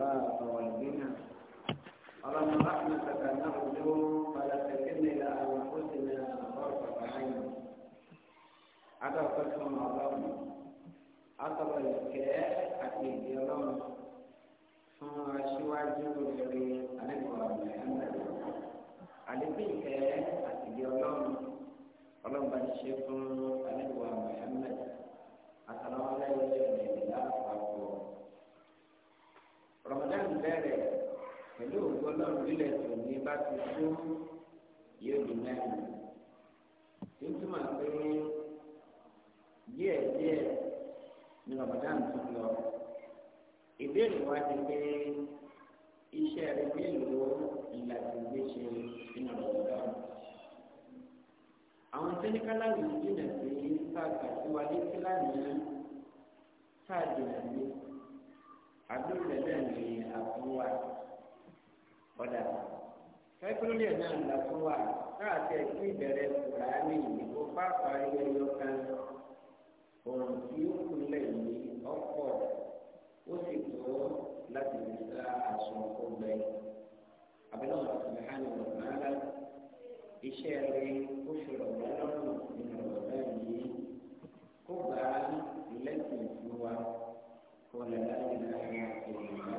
والعفاف والغنى اللهم رحمتك نرجو فلا تكلنا الى انفسنا طرفه عين عدم قسم اللهم عقب الكاء اكيد يا اللهم fún aṣíwájú rere alẹ́kọ̀ọ́ Muhammad àlékún ìkẹ́ àtìgbẹ́ ọlọ́run ọlọ́run bá ti ṣe fún alẹ́kọ̀ọ́ bẹ̀rẹ̀ pẹ̀lú òkú ọlọ́run lílẹ̀ tó ní bá ti tó yóò di mẹ́rin. Tí ó túmọ̀ pé díẹ̀ díẹ̀ ni Ramadan tó lọ. Ìbéèrè wa ti pé iṣẹ́ rẹ̀ mélòó ìlàjì gbé ṣe nínú Ramadan. Àwọn tẹ́lifíkálá yìí jìnà sí sáà kàtíwálé kíláàmì sáà jìnà sí àdúrà náà ní àfúwà ọ̀dà fẹ́kúrúlẹ̀ náà ní àfúwà káàkiri ẹ̀kú ìbẹ̀rẹ̀ kùránì ìdìbò pápá ẹyọ kan òrùn tí ó kúnlẹ̀ ní ọ̀pọ̀ ó sì tó láti lè sá aṣọ ọgbẹ abẹ́lẹ́ wọn ti hàn ní ọ̀nàdà iṣẹ́ rẹ̀ ó fi rọ̀gbọ́n lọ́rùn nínú ọ̀gá yìí kó gbà lẹ́sìn fún wa wọlé láti láyé ìrìnà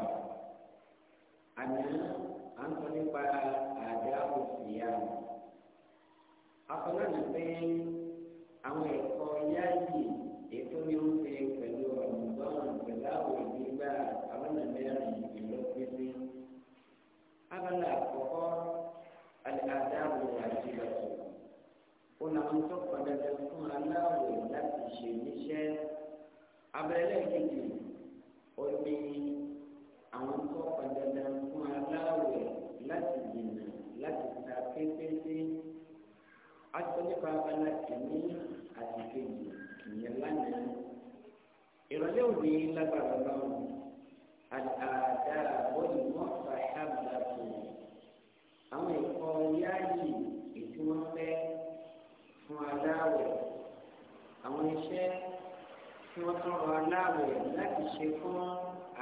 àná à ń sọ nípa àdá òsìyá afọlọ́nà pé àwọn ẹ̀kọ́ yáàyè ètò ní ń ṣe pẹ̀lú ọ̀nùgbọ́n pẹ̀lú àwọn ìdígbà abọ́nà mẹ́rin ìlú pínpín abala àkọ́kọ́ àdá òsìyá lọ́sọ̀ ó náà ń tọ́kọ̀ dandan fún aláwọ̀ láti ṣe níṣẹ́ abẹ́rẹ́ kejì ó ní àwọn tó padàdà fún aláwẹ̀ láti dènà láti ta pépété asọ́nípa abala kìíní àti kejì ìyẹn lánàá ìrọ̀lẹ́ òní lágbára lọ́wọ́ àdáàdá bọ́ọ̀lù wọn fà hábàá tó àwọn ẹ̀kọ́ yáàyè ètò wọn fẹ́ fún aláwẹ̀ àwọn iṣẹ́ tí wọ́n tún rọ aláwẹ̀ láti ṣe fún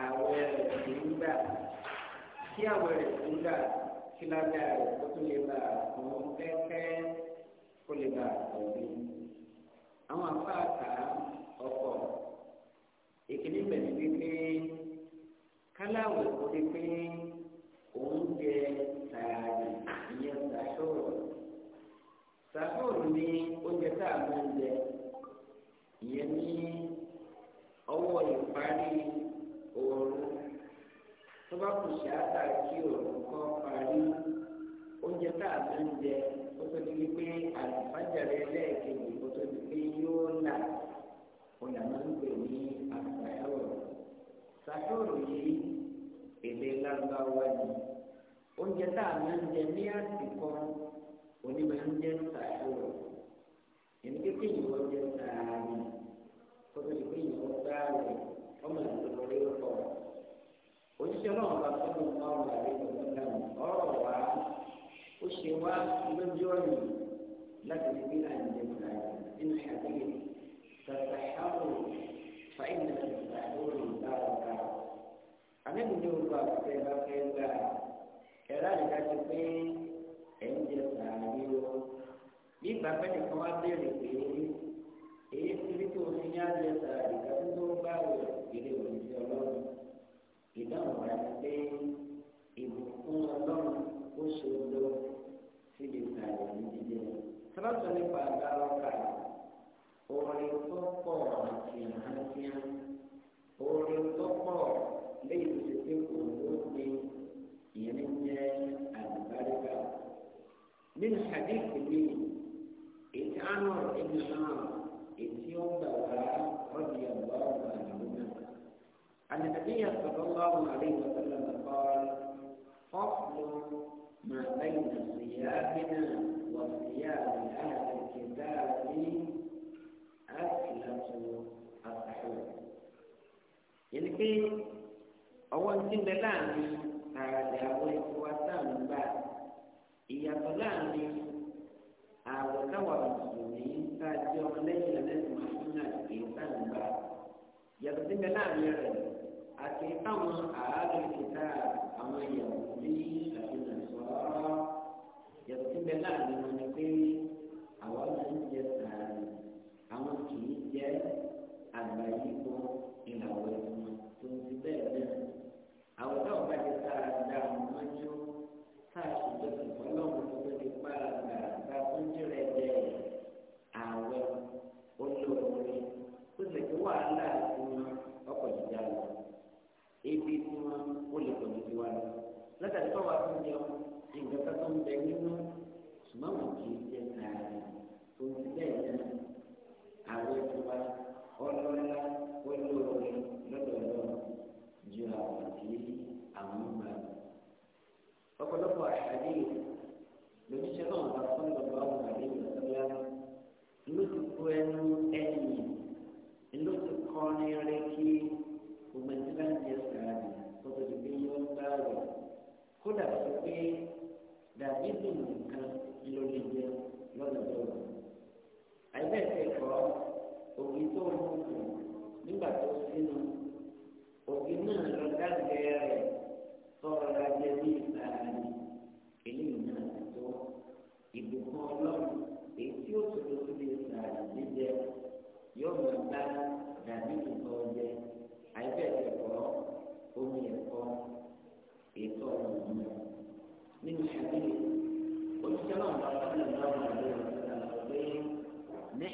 àwẹ̀ rẹ̀ nígbà kí àwẹ̀ rẹ̀ nígbà kí lábẹ́ rẹ̀ kó tó lè bá òun kẹ́kẹ́ kó lè bá òbí. àwọn afáàkà ọkọ̀ ìkíní bẹ̀rẹ̀ wípé káláwẹ̀ kò lè pé òun jẹ sàárì ìyẹn sàṣọ́rọ̀ sàṣọ́rọ̀ ni oúnjẹ tá a máa ń jẹ ìyẹn ní ọwọ́ ìparí oorun tó bá kù sí àtà kí oorun kọ́ parí oúnjẹ tá a máa ń jẹ kó tó di wípé àlùfájàre lẹ́ẹ̀kejì kó tó di pé yóò là òun àmọ́ ń pè ní àgbàyàwó sàtòrò yìí èdè lárúbáwá ni oúnjẹ tá a máa ń jẹ ní àsìkò onímọ̀ ń jẹ sàtòrò èmi kékeré ìwọ́n jẹ ọlọ́run bá tó lò ká ọ̀rọ̀ àlẹ́ ìgbàgbọ́ náà ọ̀rọ̀ wá ó ṣe wá lójú ọ̀nà láti fi bí àyè ìjẹ̀bùrà nínú ìhàgbé tàbí àwọn fàìlì tàbí àwọn ìgbàlódà. àlẹ́bí ni olùkọ́ àkùtẹ́ bá fẹ́ gbà ẹ̀rọ àdìdájú pé ẹ̀ ń jẹ sàárè bí bàbá nìkan wá béèrè pé èyí ti rí tó fi yá jẹ sàárè kátó tó bá wẹ̀ ìdáhùn rẹ̀ ni pé ìbùkún ọlọ́run ó ṣe odò síbi kàlẹ́ ní jíjẹ. sábàtọ̀ nípa àgbàlọ́kà orin tó pọ̀ àti àhántíá orin tó pọ̀ lẹ́yìn tó ṣe pé kò lópin ìyẹn ní jẹ́ àgbàlọ́kà. nínú hadith mi ìtàn ọ̀rọ̀ ìgbìmọ̀ ètí ó gbà wá ọ̀dìyàn. عن النبي صلى الله عليه وسلم قال فصل ما بين صيامنا وصيام اهل الكتاب اكله الاحوال يعني أول شيء بلاني هذا هو الكواتان بعد إيا بلاني هذا هو المسلمين فاتيوم ليلة نسمع سنة الإنسان بعد يقدم بلاني يا يعني. àti àwọn ààrẹ ìta àwọn ìyàwó ní àfihàn sọ́ọ́ yàtọ̀ sí bẹ́ẹ̀ láàrin wọn ni pé àwọn máa ń jẹ sàárì àwọn kì í jẹ àgbàyípo ìlàwọ̀ ẹ̀sìn tó ń ti bẹ́ẹ̀ náà àwọn tó ń bá jẹ sàárì dá àwọn mọ́jú sáà ṣùgbọ́n ìfọlọ́hùn tó ti pa àgbà bá fún jẹ́rẹ̀ jẹ́ ààwẹ̀ olóore ó sì kí wàhálà látàrí pé wàá tún jẹun nǹkan tó ń bẹ nínú ṣùgbọ́n kì í jẹ nàárẹ̀ tó ń fi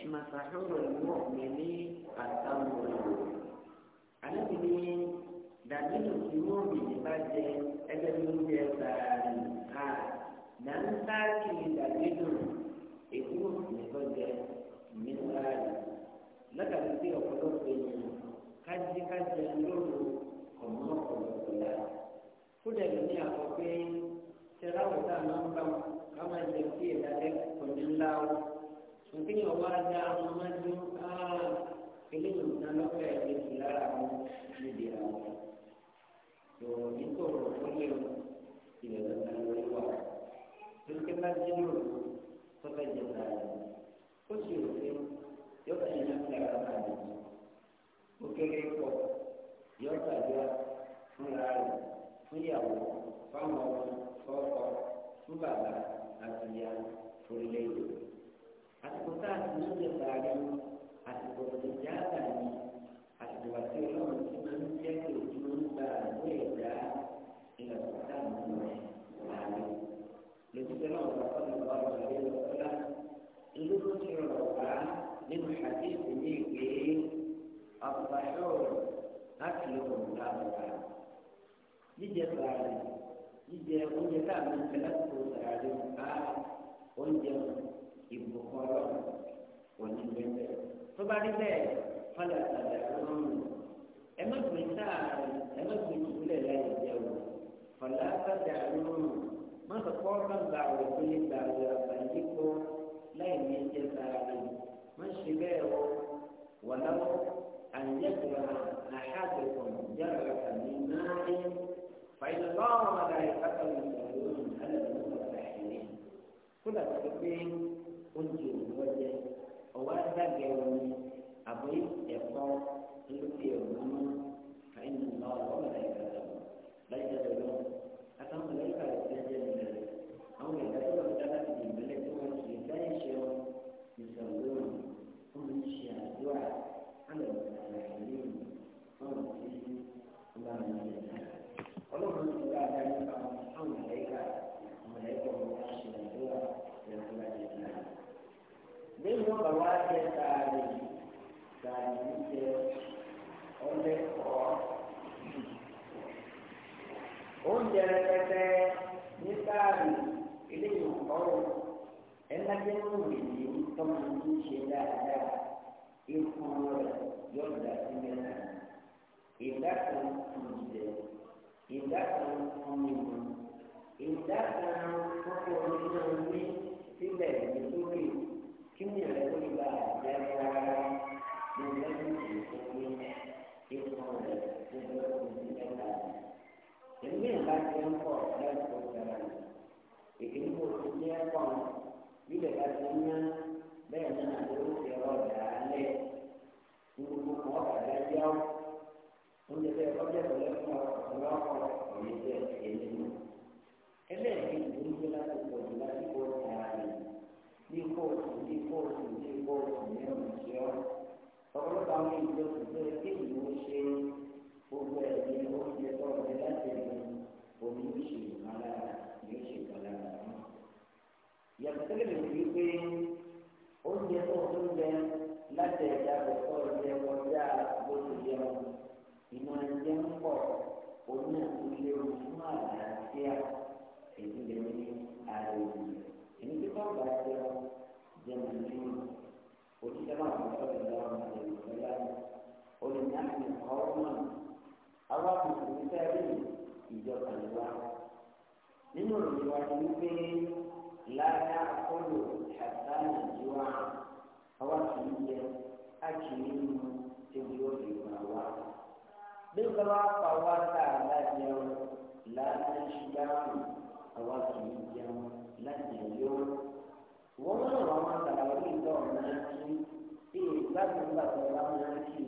مسحور المؤمن التمر Ànábì ní dàbínù tí semua bì ní bá jẹ ẹgbẹ́ ní oúnjẹ sàárì itu nà ń sáàkì dàbínù èyí ò sì ní kọ́ jẹ ní sàárì. Lọ́kàtí sí ọ̀pọ̀lọpọ̀ ènìyàn kájíkájí lóru ọ̀mọ́ ọ̀pọ̀lọpọ̀ la. Fúdà ló ní àkọ́ pé òkè ní ọwọ́ ajá àwọn ọmọ ẹni eléyìí nǹkan lọ́pẹ́ ẹ̀ẹ́dẹ́gbẹ̀ lára àwọn níbi àwọn yòòrò ní tòrò tó lé o ilẹ̀ lọ́ta lórí wà lókè bá jẹ́ lòrò tó fẹ́ jẹ tààrà ó sì rò pé yóò fẹ́ yẹn láti ara bá mi ó kéré pọ̀ yóò gbàdúrà fúnra rẹ̀ fúnyàwó fáwọn ọmọ fọ́kọ fún bàbá àti ìyá orílẹ̀-èdè àsìkò tá a ti ní ìjẹ sàárẹ̀ àsìkò ìjà àtàní àsìkò àti ọlọ́run tí máa ń jẹ́ kí òjò máa ń gba àgbẹ̀ ẹ̀dá ìlànà tá a mú rẹ̀ sàárẹ̀ lójútẹ́ náà wà fọ́nà wà lọ́wọ́ lọ́wọ́lá ìlú tó ti rọ̀ wá nínú àdéhùn ní ìwé ọ̀pọ̀lọpọ̀ láti lọ́wọ́ lọ́wọ́ jíjẹ sàárẹ̀ jíjẹ oúnjẹ tá a máa ń jẹ lásìkò sàárẹ̀ ìbùkún ọlọ́run kò ní bẹ́ẹ̀ tó bá rí bẹ́ẹ̀ fọlẹ̀ àtàlẹ̀ ọlọ́run ẹ má pè sáàrin ẹ má pè ìdúlẹ̀ láyé jẹun fọlẹ̀ àtàlẹ̀ ọlọ́run má sọ pé ọ̀gá gba àwẹ̀ tó lè gba àwẹ̀ àbáyé kó láì ní jẹ sáàrin má ṣe bẹ́ẹ̀ o wọ̀lọ́wọ́ àyẹ̀kùnrin àhàdùkùn jẹ́rọ̀ àtàlẹ̀ náà فإن الله وملائكته يصلون على النبي كل التكبير oúnjẹ òwúrọ̀ jẹ ọ̀wá dàgẹ̀ wọn ni àbí ẹ̀kọ́ olókè òwúrọ̀ káyìn nà ọ̀rọ̀ mẹ́ta ìgbàlá láyé dájọ́ lọ àtàwọn mẹ́ta ìgbàlá jẹ́ nílẹ̀ àwọn ìgbà tó wọ́n dá láti di ìmọ̀lẹ̀ tó wọ́n ti dá ìṣe wọn ìṣàlùwọ̀n wọn ń ṣe àdúrà alẹ́ ìgbàlá ìlú wọn ti ọlọ́run ti dá kan fún ìjẹ ìdá kan fún mímu ìdá kan fún omi náà ní sílẹ̀ ní sókè kí ni rẹ̀ ló gba àjẹ́ rárá ní lẹ́yìn ìfowópamọ́ ìfowópamọ́ rẹ̀ ní lọ́wọ́ ìdílé náà. èmi ìgbà tí ń pọ̀ láti kó sára rẹ̀ èkéyìí kò tún ní ẹ̀kọ́ bí lè bá ti ń yán bẹ́ẹ̀ náà ló ń fi ọ̀rọ̀ dà á lẹ̀ gbogbo ọ̀gá dájọ́ oúnjẹ bẹ́ẹ̀ lọ́jọ́ ìbẹ̀rẹ̀ fún ọ̀rọ̀ ọ̀rọ̀ èyí jẹ́ èyí mú. ẹlẹ́ẹ̀kejì oúnjẹ láti pọ̀ jù láti kó ara rẹ̀ ní kóòtù ní kóòtù ní kóòtù ní ọ̀nà tí ọ́ ọ̀pọ̀lọpọ̀ àwọn ìjọ tuntun kí ìlú ṣe gbogbo ẹ̀mí oúnjẹ tó ọ̀rẹ́ láti ẹ̀mí omi yóò ṣe ìmọ̀lára yóò ṣe ìmọ̀lára náà. yàtọ̀ tẹ́lẹ̀ mi rí pé oúnjẹ tó ń jẹ láti ẹ̀dá ìmọ̀ ẹ̀jẹ̀ ń pọ̀ òun náà tó léwu fún àlàáfíà èyí lè ní ara òun èyí tí wọ́n bá jẹ́ jẹ́mu nínú òṣìṣẹ́ náà kò sọ̀rọ̀ lọ́wọ́ àti ìfẹ́lá olùdáàbò ọ̀rọ̀mọ̀ àwọn akùnkùn sẹ́rí ìjọba ìwà nínú ìwà ìwé lára kọlù. wá pa wá tá a bá jẹun láti ṣùgbọ́n àwa kì í jẹun láti yọ. wọ́n mú àwọn ọmọ tàbí ìtọ́ náà kí bí ìgbàgbọ́ gbàgbọ́ bá máa kì í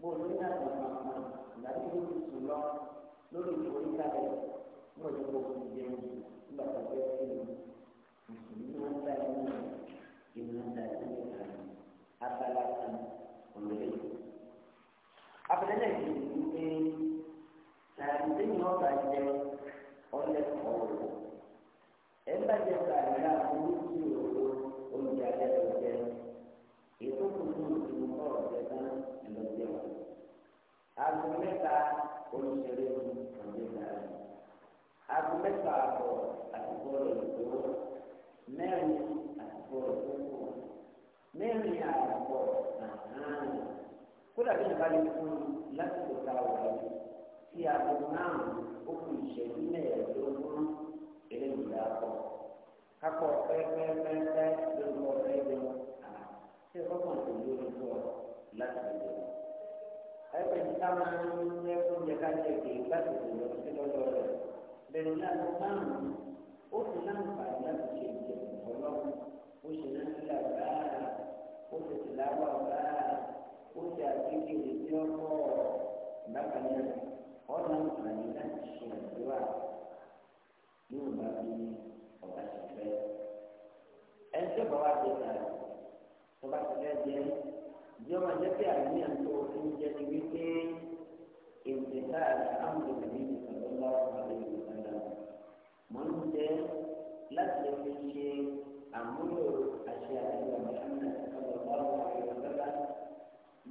bó ní àgbà màmá láti ló ti sùn lọ lórí ìforí kalẹ̀ ní kò fi jẹun nígbà tó fẹ́ sí mùsùlùmí máa ń dá ẹ̀mí ìmọ̀ ń dá ẹ̀mí ìlànà abala kan òmìnira abẹ́lẹ́ yìí ni pé sàrìndé ni wọ́n bá jẹ ọlẹ́ ọ̀rọ̀ ẹ bá jẹ sàrìndé àbúrò sí òru oúnjẹ alẹ́ ọ̀jẹ́ ètò kùtù ìlú ọ̀rọ̀ jẹ fún ìlọ́jẹ́ wọn. aago mẹ́ta olùsèré ní ọ̀jẹ́ sàrìndé aago mẹ́ta àbọ̀ àtìkú ọ̀rọ̀ ìgbòho mẹ́rin àtìkú ọ̀rọ̀ ìgbòho mẹ́rin àbọ̀ àhán kódà bí ìbá yẹn fún un lásìkò tá a wà yìí tí aago márùn-ún ó kù ìṣẹ́jú mẹ́ẹ̀ẹ́dógún eléyìí là á kọ́ kakọ pẹ́ẹ́pẹ́ẹ́pẹ́ lórúkọ ẹ̀rọ àná tí ọkọ̀ tó lórúkọ láti lè lọ. ẹgbẹ́ tí ká máa ń ní oúnjẹ ká jẹ kì í láti lè sí lọ́dọ̀ rẹ̀ bẹ̀rẹ̀ láti márùn-ún ó fi láǹfààní láti ṣe ìjẹ̀kùn ọlọ́run ó ṣe náà nílà gbáà ó fi ó ṣe àkékeré tí ó kọ́ bákan náà wọ́n náà àní láti ṣe àdúrà yóò bá bí ọ̀gá ṣe fẹ́. ẹni tó bá wá jẹ tà tó bá ti fẹ́ jẹ bí ọmọ jẹ́ pé àníyàn tó o ti ń jẹ ni wípé ìdìtà àmì ìdí ìsọ̀tọ́lá ọ̀gbọ̀n ìgbàlá mọ̀ ń jẹ láti fi ṣe àmúlò àṣẹ àti ìgbàlá ọ̀gbọ̀n ìgbàlá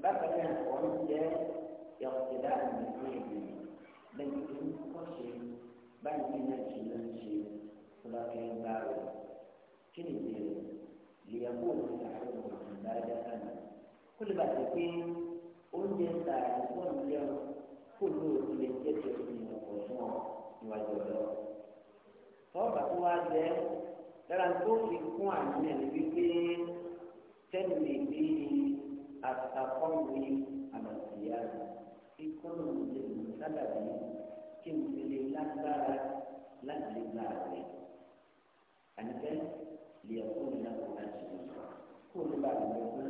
bákan náà wọ́n jẹ́ ìyàwókèdá àmì ìrìn lẹ́yìn tó ń kọ́ ṣe báyìí ní ẹ̀jẹ̀ náà ń ṣe fúlákẹ́ bá rẹ̀ kí ni ìbéèrè lèyàwó òun làwọn ọ̀hún dáadáa sánà kó lè bàtà pé oúnjẹ ta ìfọ̀ ìlẹ̀ kó lóòótọ́ lè jẹ́ tó ní ọ̀pọ̀ fún ọ níwájú ọ̀dọ́ tọ́ọ̀bà tó wá jẹ́ lára tó fi kún àmì ẹ̀ wípé tẹ́lẹ̀ lè àtàkọ́wé àmàtìyá kí kọ́nà lè mú sábàbí kí n fi lè lágbára láti lè gbà rẹ̀. àníkẹ́ lè ọkọ mi náà kó láti lè sọ kó lè bá mi lọ fún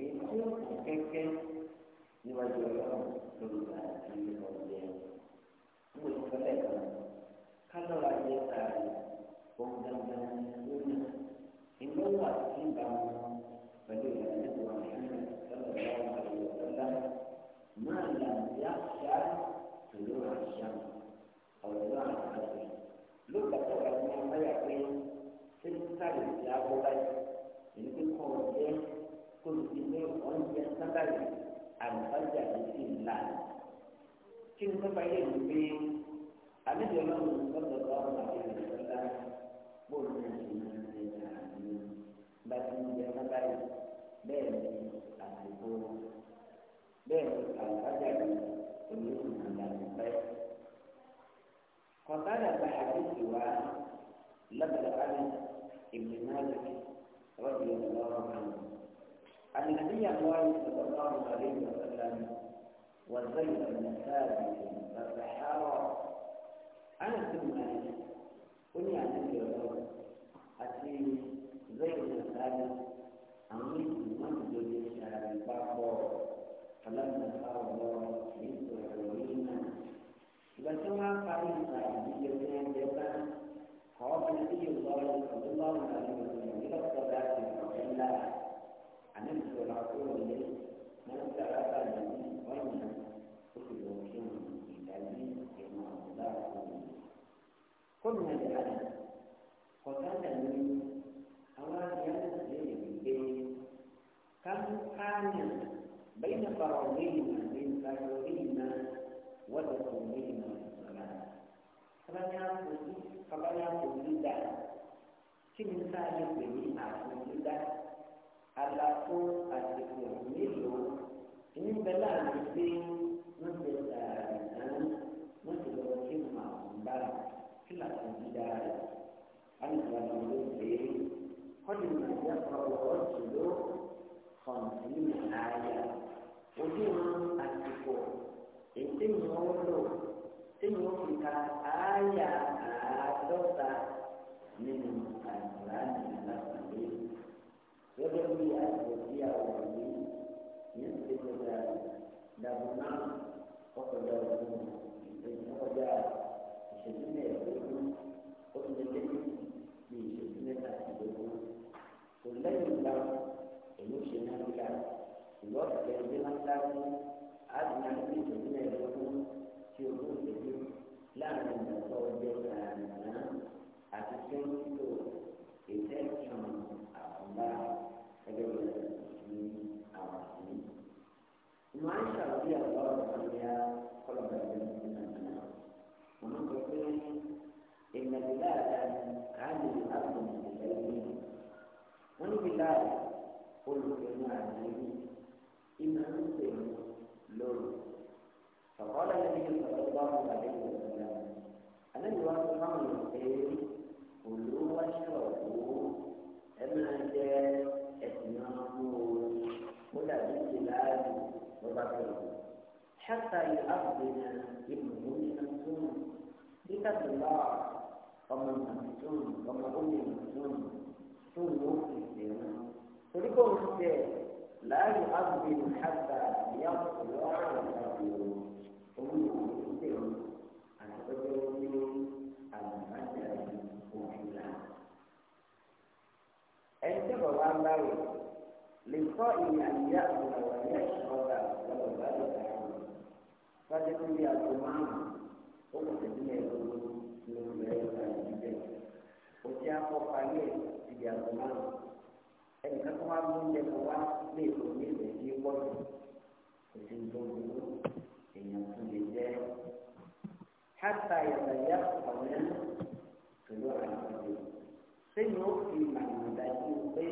èyí tí ó kù kẹ́kẹ́ níwájú ọlọ́run lórí ìgbà àti ọ̀gbẹ́ mo ti fẹ́ lẹ́ẹ̀kan kálọ̀rọ̀ ayé sáré ohun dandan lónìí ìlú wà sí ìbámu pẹ̀lú ìlú. ọ̀rọ̀ náà ń sọ̀rọ̀ lóògbà tó wà ní abáyà pé ṣé sáré ti abọ́ báyìí èyí tó kọ́ ọ jẹ́ kó o ti ní oúnjẹ sábàrì àlùfáàjà ló sì ń là. kí ni bàbá yẹn ń gbé àlejò ọlọ́run lọ́dọ̀ lọ́wọ́ àti ìrìnàjò bóòlù náà ṣe ń لقد عن ابن مالك رضي الله عنه عن النبي صلى الله عليه وسلم وزيد بن ثابت فسحر أنس بن مالك قل يا نبي الله أتي زيد بن ثابت من مسجد شهر البحر فلما صار الله في العلوين بس الله عليه وسلم إلى الصلاة وإلا أن يمسك العقول من ترك النبي ومن كتب وشم الذي إمام الله قلنا لأنا قتال النبي أولا ينزل كم كان بين فرضينا من فرضينا ودخولنا الصلاة فلن يأخذ فلن kí ni tá a lè pè ní àfojúdá àlàfo àsìkò mélòó ní bẹ́lá mi pé wọ́n ti sàárè náà wọ́n ti lọ kí n máa ń bára kí làfojúdá rẹ̀ alùpùpù àti ìlú pé kọ́ni máa ọ̀rọ̀ ọ̀túnlọ́ kọ̀ǹtì ní àyà ojú wọn àsìkò ètè ìwọ́n lò tí wọ́n fi ka àyà nínú àgbà nígbà pàdé gẹ́gẹ́ bí àgbẹ̀ tí a wà yìí ní ìṣèjọba dàbọ̀ náà ọkọ̀jà ọ̀gbìn ìṣèjọba ìṣèjọba àmọ̀dájú pé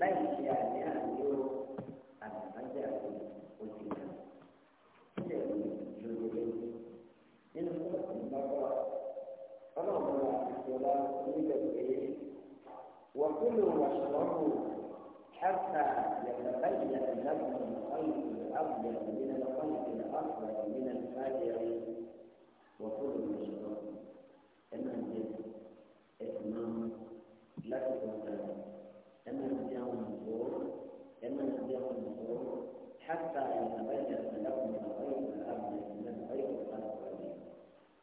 láì ṣe àní àní o àgbàmájà kò ti gbà sílẹ̀ lórí lórí nínú sọ́ọ̀tì ìgbàgbọ́ ọlọ́run àtìsọ́lá oníbẹ̀ pé wàkúlò wàṣọ́ọ̀rù حتى يتبين لكم الخيط الابيض من الخيط الاصفر من الفجر وكل لكن مثلا لما نبيعهم النصور لما نبيعهم النصور حتى يتبين لهم الغيب الأمن من الغيب الخلق عليه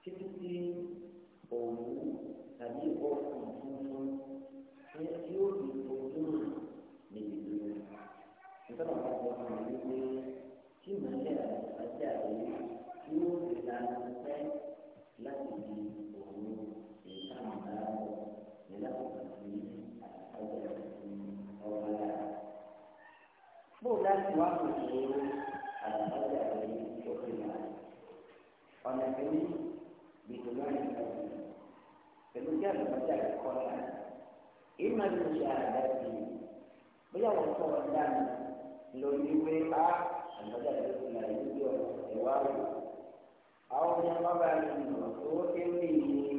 كتبتي قولوا هذه واقفين على قدر شكرنا ونحن بدماء الأرض فمجال مجال القرآن إما المشاهدات بلا وصول لنا لو يبقى المجال الأولى يبقى أو يقبل من وصول به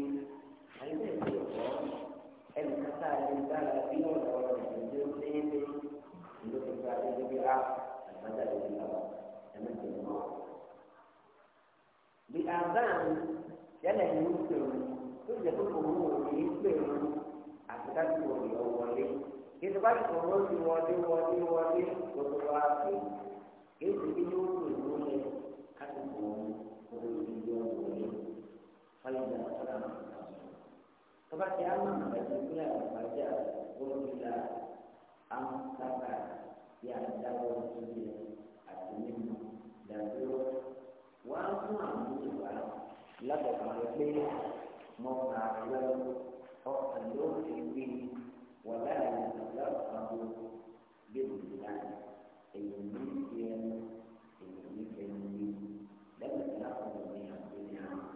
bí azan yálẹ̀ ní ń pèrò tó jẹ́ pé kò mú òun ní pèrò àti káàkiri òun yọ wọlé kí ló bá ti kọ̀ wọ́n ti wọlé wọlé wọlé gbogbo wa pè é èyí tí yóò pè é lóye káàkiri òun òun yìí yọ wọlé fọlẹ́ ìjà ọ̀la tó bá ti á mọ̀ ẹ̀jú pé àgbàjá olùdílà àwọn sábà bí àdáwọ̀ àti mímu dàbí wá fún àwọn olùwà lábọ̀kan rẹ pé mo kà á lọ ọkàn ló fi wí wọ́n láàyè lọ́kàn ló gbé òkú láàyè èyí ní ti ẹnu èyí ní ti ẹnu ní lẹ́yìn tí a kọ̀ ní àti ní àwọn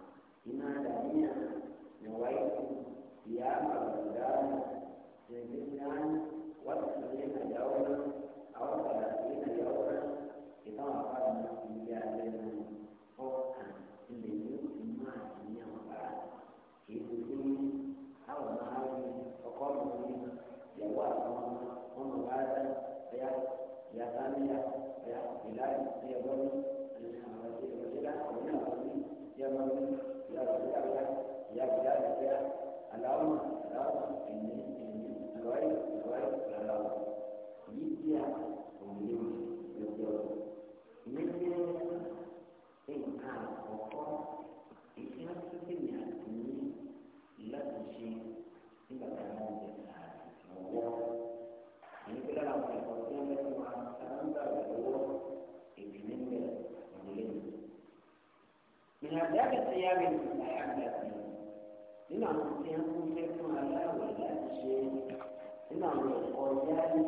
iná dàníyà ní wáyé ìyá àgbàlagbà ní ní àwọn wọ́n ti sọ ní الإسلامية بلاد اليمن المتحركة ومن يمن يا بلاد يا بلاد يا اللهم jáde àyàgbà sí nínú àwọn tí wọn kún fẹ́ fún aláwọ̀ láti ṣe nínú àwọn ẹ̀kọ́ jáde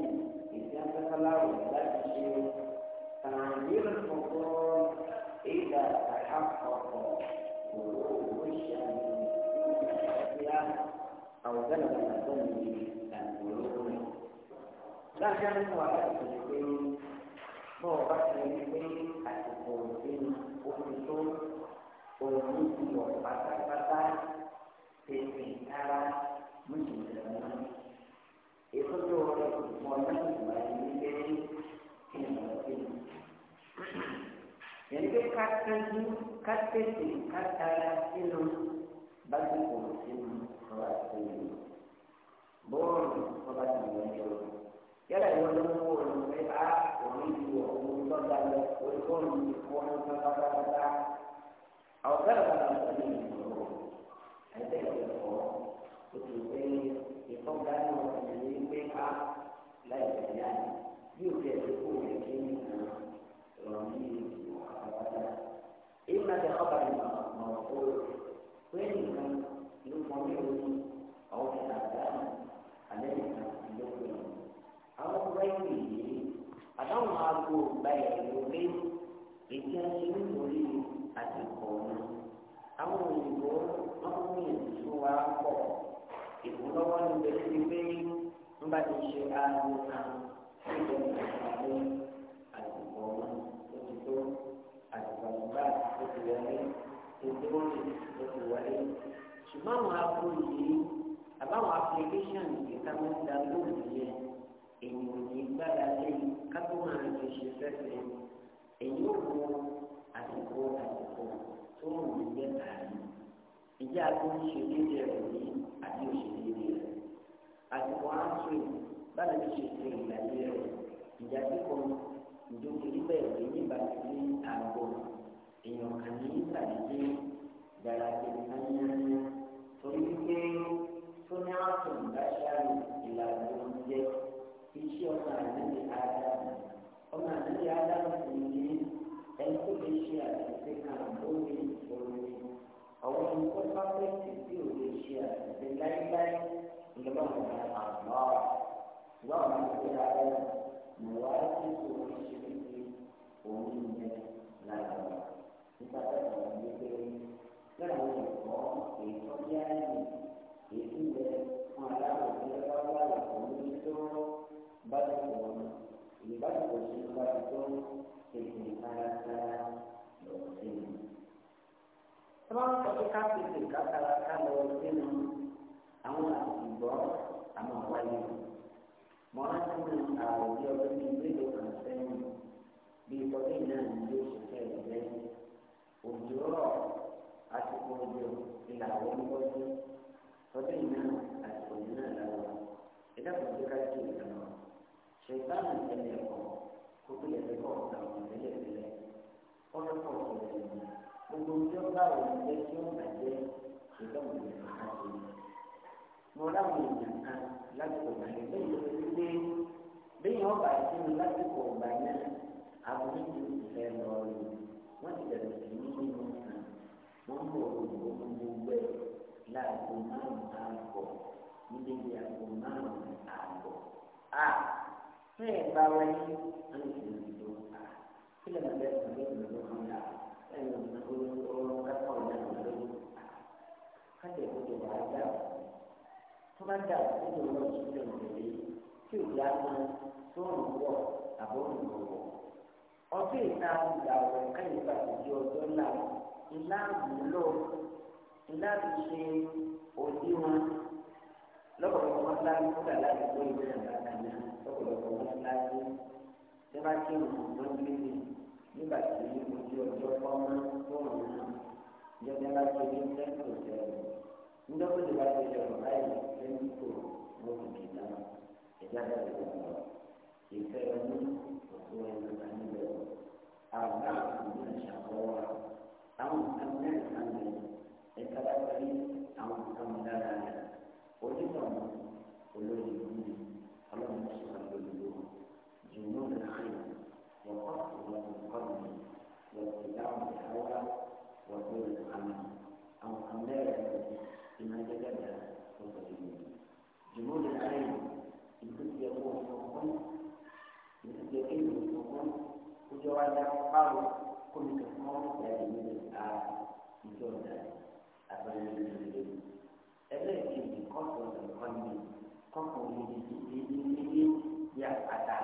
ìdí afẹ́fẹ́láwọ̀ láti ṣe tààdìrì kọ̀kọ́ ìdá àkàkọ̀kọ̀ òwò òwò ìṣàlẹ̀ ìdá àwùjọ ìgbàlódé ìdàgbòrò rẹ̀. láti ṣe àwọn ọ̀rẹ́ ìṣẹ̀lẹ̀. lójú lọ pátápátá tètè ara mùsùlùmí èso tó rẹ mọ náà wà ní lẹ́yìn kí n lọ sí i. yẹn pé ká tẹ́jú ká tètè ká tara sínú bá ti kò sínú ọ̀rọ̀ àti ìlú bọ́ọ̀lù ọba ti wọ́n jọ yálà ìwọ ló ń wọ ọ̀rọ̀ pé òun ìlú ọ̀hún lọ́dà orí bọ́ọ̀lù ìfọwọ́n pátápátá. أو غلب على مسلم المسلمون هذا يقول وتقول يقول لا يمكن بها لا يمكن يوجد يكون يمكن رمي وحفظة إما بخبر موصول وإما يضمره أو بأعلام عليها يقول أو غيره أدعو معكم بين يومين إذا سمعوا لي àsìkò ọ̀nà àwọn òyìnbó wọn fún yẹn fún wa pọ̀ ìfúnlọ́wọ́ ní bẹ́ẹ̀ ti pé ń bá ti ṣe aago kan níbẹ̀ ní ìpàdé àsìkò ọ̀nà ó ti tó àsìkò àgbà ó ti wọlé ètò orin ó ti wọlé ṣùgbọ́n àwọn aago yìí àbáwọn application yìí ká máa ń da lóòrùn yẹn èyí gbára lé ká máa ń ṣe fẹ́fẹ́ èyí ò mú àsìkò àsìkò tó ń rìn lẹ́ka yìí ìjẹ́ àtúntò ṣe déédéé rẹ̀ ní àti òṣèlú déédéé rẹ̀ àsìkò áńtúrì bára ní ṣe ṣe ìgbàlè rẹ̀ ìjà kíkọ ìdókòrí bẹ́ẹ̀ lè ní ìbáṣe ní àgbo èèyàn kan ní ìgbàlejò gbàrà tèmi yányányá torí wípé tó ní àtún ìbáṣáró ìlànà oúnjẹ iṣẹ́ ọmọ àdéhùn ádámù ọmọ àdéhùn ádámù sì ní ẹni tó lè ṣe àtẹ̀sí náà ó ní orí àwọn ẹni tó bá fẹ́ tì tí ò lè ṣe àtẹ̀sí láíláí ìjọba ìjọba àgbà ìwà àwọn ìgbé ara ní wà á ti tó oríṣiríṣi òun jẹ lára nípa tẹ̀sán ìgbé pé láwọn ẹ̀kọ́ èyí tó jẹ́ àyè èyí tó jẹ́ fún aláwọ̀ tó lọ́wọ́ láwọ̀ tó ń tó bá ti tó ìbáṣepọ̀ sí bá ti tó tètè kárakára lọ sínú. Tọ́lá ń sọ pé ká tètè kárakára lọ sínú àwọn àtìgbọ́ àmọ́ wáyé. Mo rántí nínú àwọn ìdí ọdún ní ìgbélé kan sẹ́yìn bí ìkọ́lé náà ní yóò ṣe fẹ́ ìgbẹ́. Òjò rọ̀ àsìkò òjò ìlà àwọn onígbọ́jú. Tọ́lá ìná àsìkò ìná làwọn. Ìdáàbòbò ká kí ìdáná. Ṣèkánù tẹ̀lé ẹ̀kọ́ gbogbo ẹ̀sẹ̀ kọ̀ ọ̀gá ìrẹ̀lẹ̀ ìrẹ̀lẹ̀ ọ̀rẹ́ kọ̀ ọ̀gá ìrẹ̀lẹ̀ gbogbo tí ó bá wọ̀ ẹ̀ tí ó bá jẹ́ ìdánwò ìrẹ̀lẹ̀ kan ṣe. mo láwọn èèyàn kan lásìkò báyìí lẹ́yìn tó ti dé lẹ́yìn ọba àti mi lásìkò ọba náà àwọn méjì ìfẹ́ lọ rí wọ́n ti bẹ̀rẹ̀ sí ní nínú kan wọ́n ń bọ̀ òyìnbó gbogbo ẹ̀ láàbò márùn-ún ààbọ̀ níbi ìyàgò márùn-ún ààbọ̀ tí ẹ wáyé àwọn ìṣẹ̀lẹ̀ ìdìbò kí lè máa bẹ́ẹ̀ sọ̀rọ̀ ìdìbò tó kàn dà ẹ̀yìn ọ̀sán olóró kápá ọ̀dà ìdìbò tó ti wàá dà ó tó bá dà ó tó lọ sí ilé ìdìbò tí ò yá mọ́ tó ń wọ̀ àbó ń wọ̀ ọtí ìta ìgbà ọ̀rọ̀ káyọ̀ bá ti ọjọ́ là ńlá àmúlò ńlá ti ṣe òdiwọ̀n lọ́pọ̀lọpọ̀ wọn láti kúrò láti gbé ìwé náà bákan náà lọ́pọ̀lọpọ̀ wọn láti ṣé bá kí wọn wọn gbé ní nígbà tí ojú ọjọ́ ọmọ fóònù náà ìjọba bá ṣe ní lẹ́kọ̀ọ́ ìjọba nígbàgbọ́ tó bá ṣe ìjọba báyìí lẹ́yìn kò mọ òkè náà ẹ̀dá bẹ̀rẹ̀ lọ́wọ́ ìfẹ́ ọdún òkú ẹ̀rọ bá níbẹ̀ àwọn àwọn ìṣàkọwà àwọn nǹkan mẹ́rin kan lẹ́yìn ẹ̀ka bá parí àwọn nǹkan mọ́ dára rẹ̀. ولمن الذي يؤمن على يصل بالنور جنون الخير وقصر القلب واتباع الهوى وطول الامل او ان لا يعتد بما تجلى وتجنون جنون العين ان كنت يكون صوفا ان كنت يكون صوفا وجواز قالوا كل كفار لا يميل الآخر بجودة أبدا ẹlẹ́ẹ̀kejì kọ́sọ̀ nìkan ni kọ́kọ́ méjì tó dé ní ilé yá pátá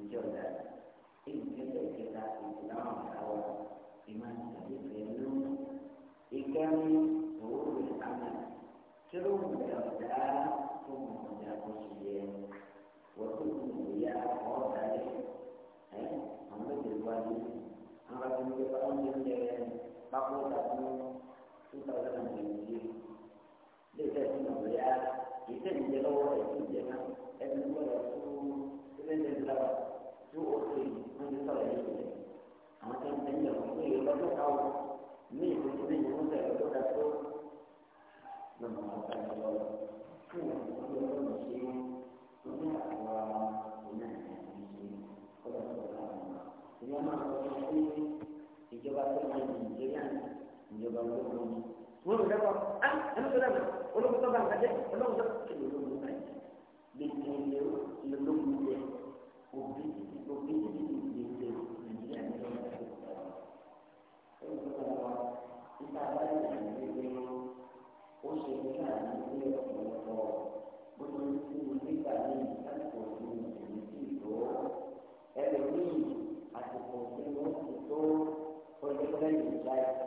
ìjọ ìdá èyí kẹta ìkẹta ìdíláwọ̀ ìdáwọ̀ ìmọ̀ ìdàgbẹ́fẹ́ lónìí ìkẹrin òwò rẹ̀ àmì tí ó ń bẹ̀rẹ̀ ọ̀dà tó ń ọ̀dà kó sì yẹ wọ́n tó ń ìyá ọ̀dà rẹ̀ ẹ̀ àwọn méjèèjì wáyé àwọn bá tó ń gbé bá ń gbé ń bẹ̀rẹ̀ pápó ìdàgbẹ́ two tó ń ṣe ó ní ìjọba olóko ni wọn bẹ dábàá á ẹnu tó dàgbà olóko tó bá ń kájẹ olóko tó kìlì olóko tó báyìí gbèsè ilé olóko jẹ òbí òbí títí ti gbèsè nàìjíríà ní ọjọ́ ìgbà tó ń bá wa nípa báyìí nàìjíríà ó ṣe ní láàrin ilé ọ̀pọ̀lọpọ̀ bó ti ń kú nígbà ní ìdásíkò ní ìlú tí ìlú ẹlòmíì àsìkò tí wọ́n ti tó ọjọ́ lẹ́yìn ìjà yìí.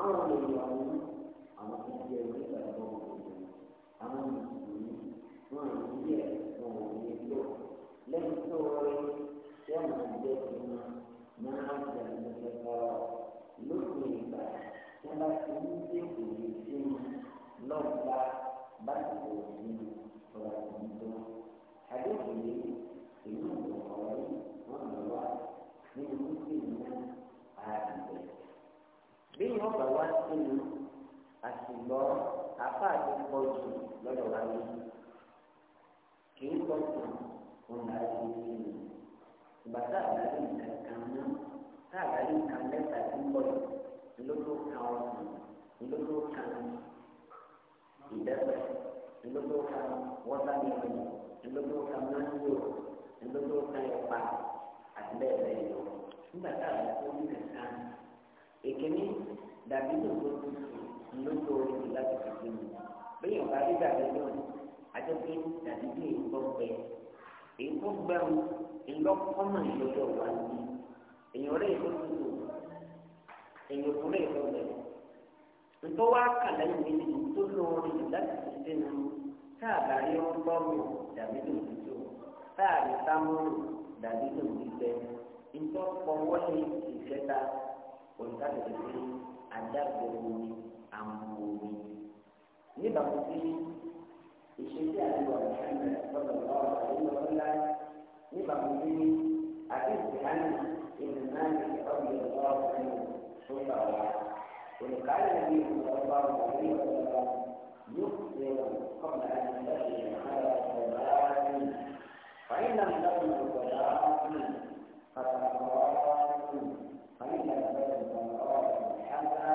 àwọn olùwà wọn àwọn ti di ẹni nígbà tí wọn kò jẹ àwọn mùsùlùmí wọn àti díẹ̀ wọn ò ní lò lẹ́yìn tó rọrí tí wọn máa jẹ ìmọ̀ wọ́tàmẹ́lì ìdókòwò kan máńgò ìdókòwò kan ẹ̀pà àti bẹ́ẹ̀ bẹ́ẹ̀ lọ. nígbà tá a lọ sí orí kẹta èkéní dàbí lóko tuntun lóko orí láti tuntun mi bẹ́ẹ̀ ọ̀gá rí dàbí lọ àjọpé dàbí bí èkó gbẹ èkó gbẹrun ìlọkọ́mọ̀ ìlọ́dọ̀ wà ní èyàn rẹ̀ èkó tuntun èyàn kò rẹ̀ èkó gbẹ. ntọ́wá kàlẹ́ ìwé ni tó lọ orí láti tuntun mi táàbà rí wọn gbọ́mù dàbí tó dùtò táàbì sámúlò dàbí tó dùtò ìtọ́ pọ̀wọ́ ní ìfẹ́ta olùkàtàkì sí adágbò omi àwọn omi. níbàmú sí ìṣesí àdúgbò àti ọ̀dọ̀ ọ̀rọ̀ àdúgbò ńlá níbàmú sí àti ìsìnkánì ìdùnnánì ọ̀gbìn ọ̀rọ̀ ọ̀gbìn tó gbà wá. olùkàtàkì sí ọ̀gbà ọ̀gbìn ọ̀gbìn يخبر قبل أن يسلم على الصلاة فإن لم تكن صلاة فتقرأ فإن لم تكن صلاة حتى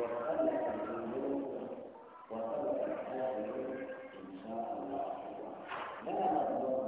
وخلق الحاكم إن شاء الله لا نظلم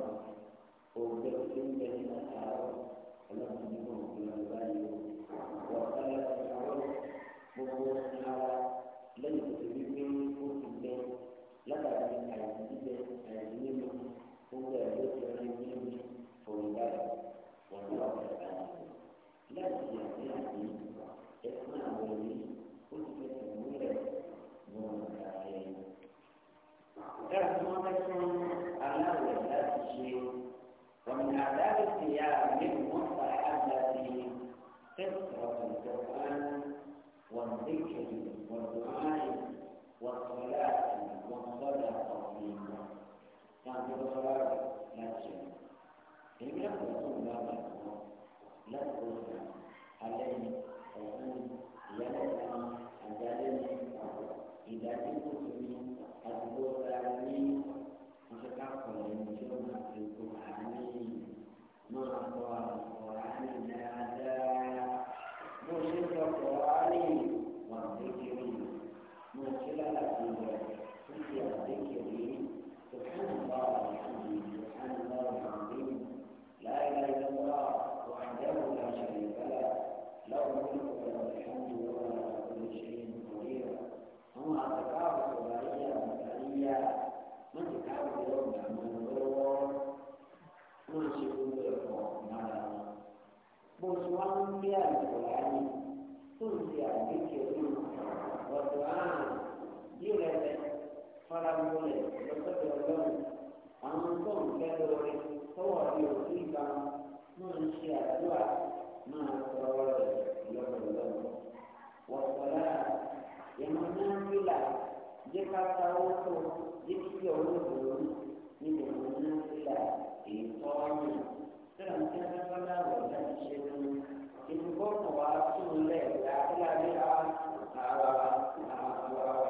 والدعاء والصلاة والصدقة فيما كان في الصلاة لا تشرك إن لم تكن لا تكون عليه wọlé lọ́sọ̀tọ̀ ọlọ́run àwọn tó ń fẹ́ lórí tọ́wọ́ bí òkú ìgbà máa ń ṣe àdúrà máa sọ̀rọ̀ rẹ̀ lọ́dọ̀ lọ́dọ̀. wọ̀sọ̀lá ìmọ̀ náà nílà jẹ́ ká ta owó tó jẹ́ kí ọwọ́ ìdòwò níbi ìmọ̀ náà nílà èyí tọ́ ọ̀nà. síra ní kí wọ́n bá dáwọ̀ láti ṣe fún un. ìdúgbò kan wá tún lẹ̀ láti láti àwọn àwọn àwọn àwọn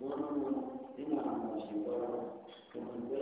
wọ́n mú nínú àwọn òṣèlú tó ń gbé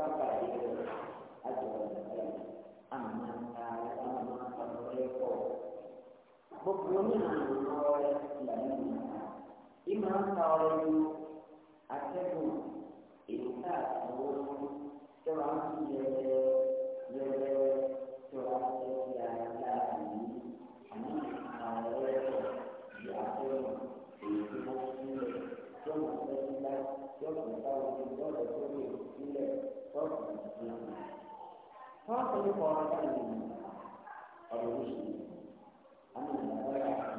bá pàdé rẹ̀ láti wọ̀n ẹ̀ àmà ààrẹ àmà àpàlọ́rẹ́ pọ̀. Gbogbo oníhànú ọrẹ ìlànà ìlànà. Ìmọ̀ ń ta ọrẹ lu atẹ́gùn èyí tá àtàwọn tó máa ń fi yẹ̀rẹ̀ yẹ̀rẹ̀ Kau perlu orang lain. Orang muslim. Amin.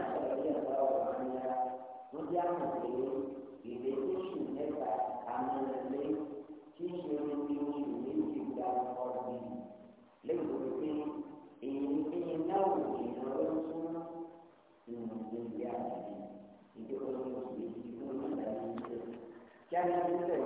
Aisyah radhiyallahu anha menjadi ìdẹ́gbẹ́sù mẹ́ta amẹ́lẹ́lẹ́ tí ń ṣe orí oṣù méjì gba ọ̀gbìn lẹ́yìn pé èyí ẹni náà ò ní ọ̀rọ̀ fún ìrìnàjò ìyá àti ìdíkọ̀ọ́ oṣù méjì ń bá ní ìṣẹ́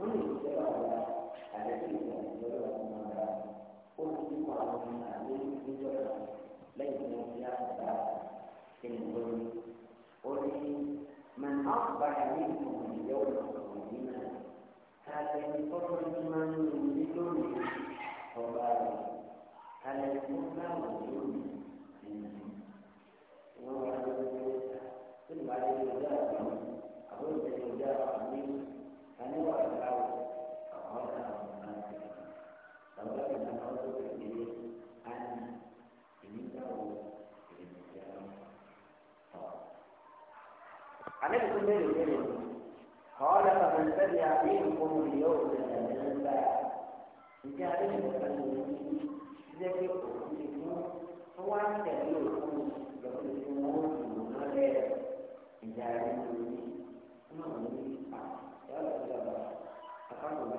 wọ́n lè jẹ́ ọ̀la àlejò ìgbà ìjọba ọmọ ọ̀la ó ti kí kọ́ àwọn ọmọ àlẹ́ níjọba lẹ́yìn tí wọ́n fi àgbà ẹni lórí. ó ní màá má bá ẹni ìmọ̀ ìyá ọ̀la ọ̀la yìí náà kálẹ̀ tọ́jú ní máa ń lò ní lónìí ọba rẹ̀ kálẹ̀ tó bá wọ̀ lónìí ẹ̀yìn. wọ́n wá lórí ẹ̀ka tó lè wá lórí ọjà àwọn àbúrò tẹ̀lé ọjà àwọn. عليك الليل الليل قال فمن تبع دينكم اليوم الجنة إن كان عليكم المسلمين ذكر أخوكم هو أن تبعوكم يخرجون من غير إن كان عليكم المسلمين wala kuja ba akano ba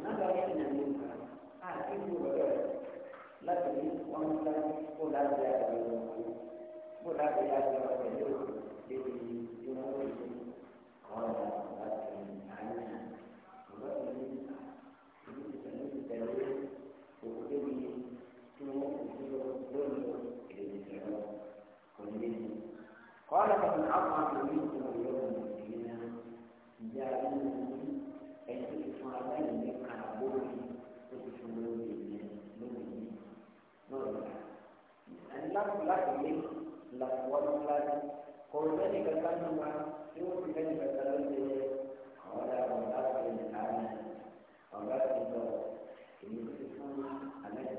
nada yake na nyumba ah kitu bado lakini wamla kula ya ndio kula ya ndio ndio ndio wala lakini aina ndio ndio ndio ndio قال فمن أطعم منكم اليوم ìyá inú yìí ẹ̀sìn fún aláìní kan àbórí tó ti fún lórí ìyẹn lórí yìí lórí ìyá. Láti láti lé láti wọ́n láti kò lẹ́nu kẹta ní wa tí wọ́n ti lẹ́nu kẹta lóde àwọn ará wọn láti lè ta ní ọ̀gá ti lọ èyí tó ti fún aláìní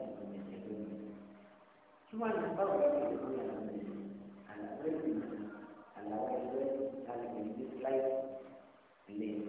kan ní ẹ̀jẹ̀ lórí.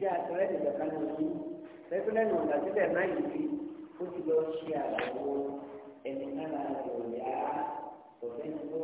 ṣe àtẹ̀rẹ́ ìjọba ní ojú lẹ́gbẹ́ lẹ́nu ọ̀gá sílẹ̀ náà yìí fi ó ti lọ ṣe àlàyé ẹni náà lọ́ọ̀yà òfin tó